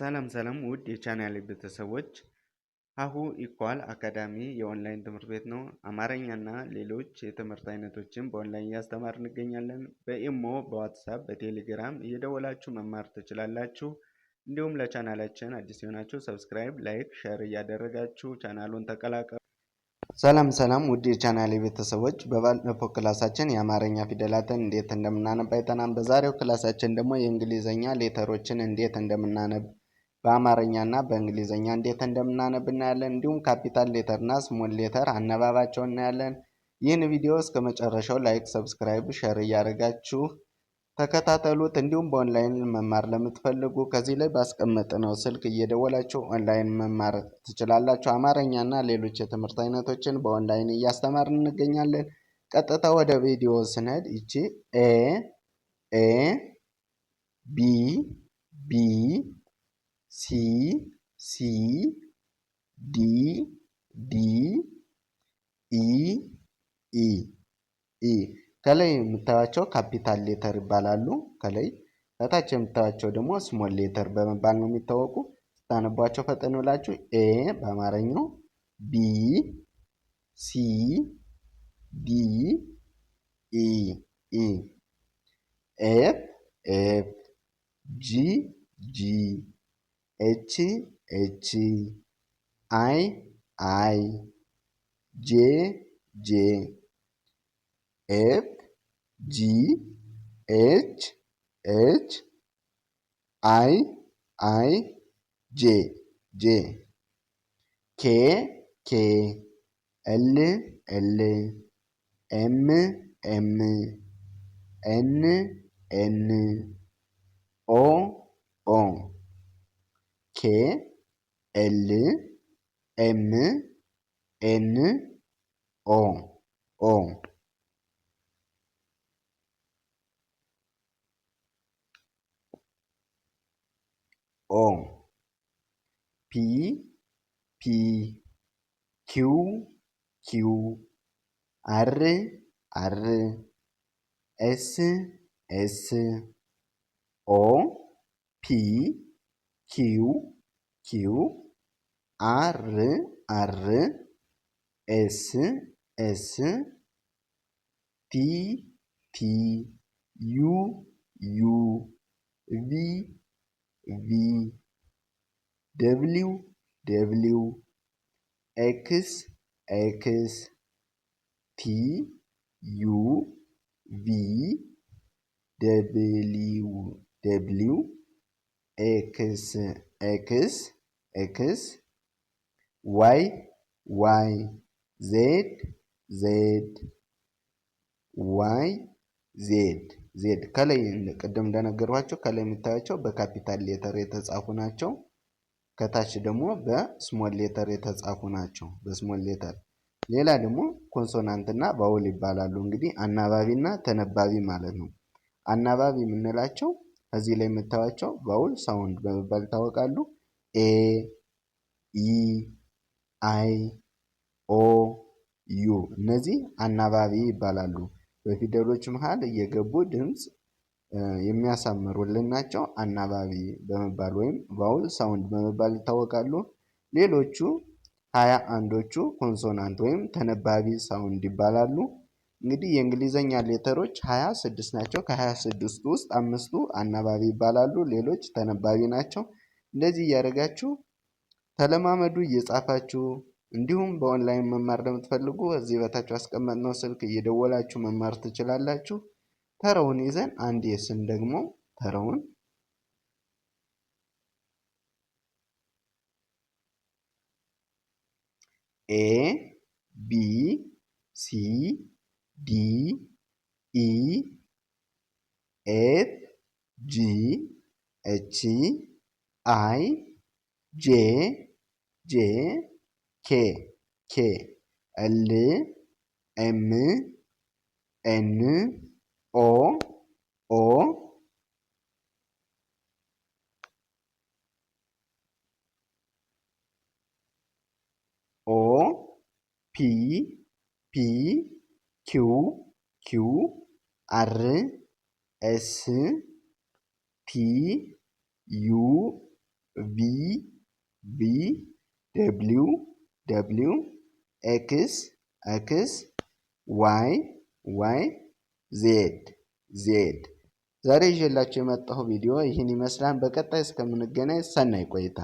ሰላም ሰላም ውድ የቻናል ቤተሰቦች አሁ ኢኳል አካዳሚ የኦንላይን ትምህርት ቤት ነው። አማርኛና ሌሎች የትምህርት አይነቶችን በኦንላይን እያስተማር እንገኛለን። በኢሞ፣ በዋትሳፕ፣ በቴሌግራም እየደወላችሁ መማር ትችላላችሁ። እንዲሁም ለቻናላችን አዲስ የሆናችሁ ሰብስክራይብ፣ ላይክ፣ ሸር እያደረጋችሁ ቻናሉን ተቀላቀሉ። ሰላም ሰላም ውድ የቻናል ቤተሰቦች በባለፈው ክላሳችን የአማርኛ ፊደላትን እንዴት እንደምናነብ አይተናል። በዛሬው ክላሳችን ደግሞ የእንግሊዝኛ ሌተሮችን እንዴት እንደምናነብ በአማርኛ እና እንዴት እንደምናነብ እናያለን። እንዲሁም ካፒታል ሌተር እና ስሞል ሌተር አነባባቸውን እናያለን። ይህን ቪዲዮ እስከ መጨረሻው ላይክ፣ ሰብስክራይብ፣ ሸር እያደረጋችሁ ተከታተሉት። እንዲሁም በኦንላይን መማር ለምትፈልጉ ከዚህ ላይ ባስቀመጥነው ስልክ እየደወላችሁ ኦንላይን መማር ትችላላችሁ። አማርኛ እና ሌሎች የትምህርት አይነቶችን በኦንላይን እያስተማር እንገኛለን። ቀጥታ ወደ ቪዲዮ ስንሄድ ይቺ ኤ ኤ ቢ ቢ ሲ ሲ ዲ ዲ ኢ ኢ ከላይ የምታዩቸው ካፒታል ሌተር ይባላሉ። ከላይ ከታች የምታዩቸው ደግሞ ስሞል ሌተር በመባል ነው የሚታወቁ። ስታነቧቸው ፈጠን ብላችሁ ኤ በአማርኛው ቢ ሲ ዲ ኢ ኢ ኤፍ ኤፍ ጂ ጂ H H I I J J F G H H I I J J K K L L M M N N O O ኬ ኤል ኤም ኤን ኦ ኦ ኦ ፒ ፒ ኪው ኪው አር አር ኤስ ኤስ ኦ ፒ Q, Q, A, R, R, S, S, T, T, U, U, V, V, W, W, X, X, T, U, V, W, ኤክስ ኤክስ ኤክስ ዋይ ዋይ ዜድ ዜድ ዋይ ዜድ ዜድ ከላይ ቅድም እንደነገርኋቸው ከላይ የምታያቸው በካፒታል ሌተር የተጻፉ ናቸው። ከታች ደግሞ በስሞል ሌተር የተጻፉ ናቸው። በስሞል ሌተር ሌላ ደግሞ ኮንሶናንት እና ባውል ይባላሉ። እንግዲህ አናባቢ እና ተነባቢ ማለት ነው። አናባቢ የምንላቸው ከዚህ ላይ የምታዩቸው ቫውል ሳውንድ በመባል ይታወቃሉ። ኤ ኢ አይ ኦ ዩ እነዚህ አናባቢ ይባላሉ። በፊደሎች መሀል እየገቡ ድምፅ የሚያሳምሩልን ናቸው። አናባቢ በመባል ወይም ቫውል ሳውንድ በመባል ይታወቃሉ። ሌሎቹ ሀያ አንዶቹ ኮንሶናንት ወይም ተነባቢ ሳውንድ ይባላሉ። እንግዲህ የእንግሊዘኛ ሌተሮች ሀያ ስድስት ናቸው። ከሀያ ስድስቱ ውስጥ አምስቱ አናባቢ ይባላሉ። ሌሎች ተነባቢ ናቸው። እንደዚህ እያደረጋችሁ ተለማመዱ እየጻፋችሁ እንዲሁም በኦንላይን መማር ለምትፈልጉ እዚህ በታችሁ አስቀመጥነው ስልክ እየደወላችሁ መማር ትችላላችሁ። ተረውን ይዘን አንድ የስም ደግሞ ተረውን ኤ ቢ ሲ ዲ ኢ ኤፍ ጂ ኤች አይ ጄ ጄ ኬ ኬ ኤል ኤም ኤን ኦ ኦ ኦ ፒ ፒ ኪው ኪው አር ኤስ ፒ ዩ ቪ ቪ ደብሊው ደብሊው ኤክስ ኤክስ ዋይ ዋይ ዜድ ዜድ። ዛሬ ይዤላችሁ የመጣሁ ቪዲዮ ይህን ይመስላል። በቀጣይ እስከምንገናኝ ሰናይ ቆይታ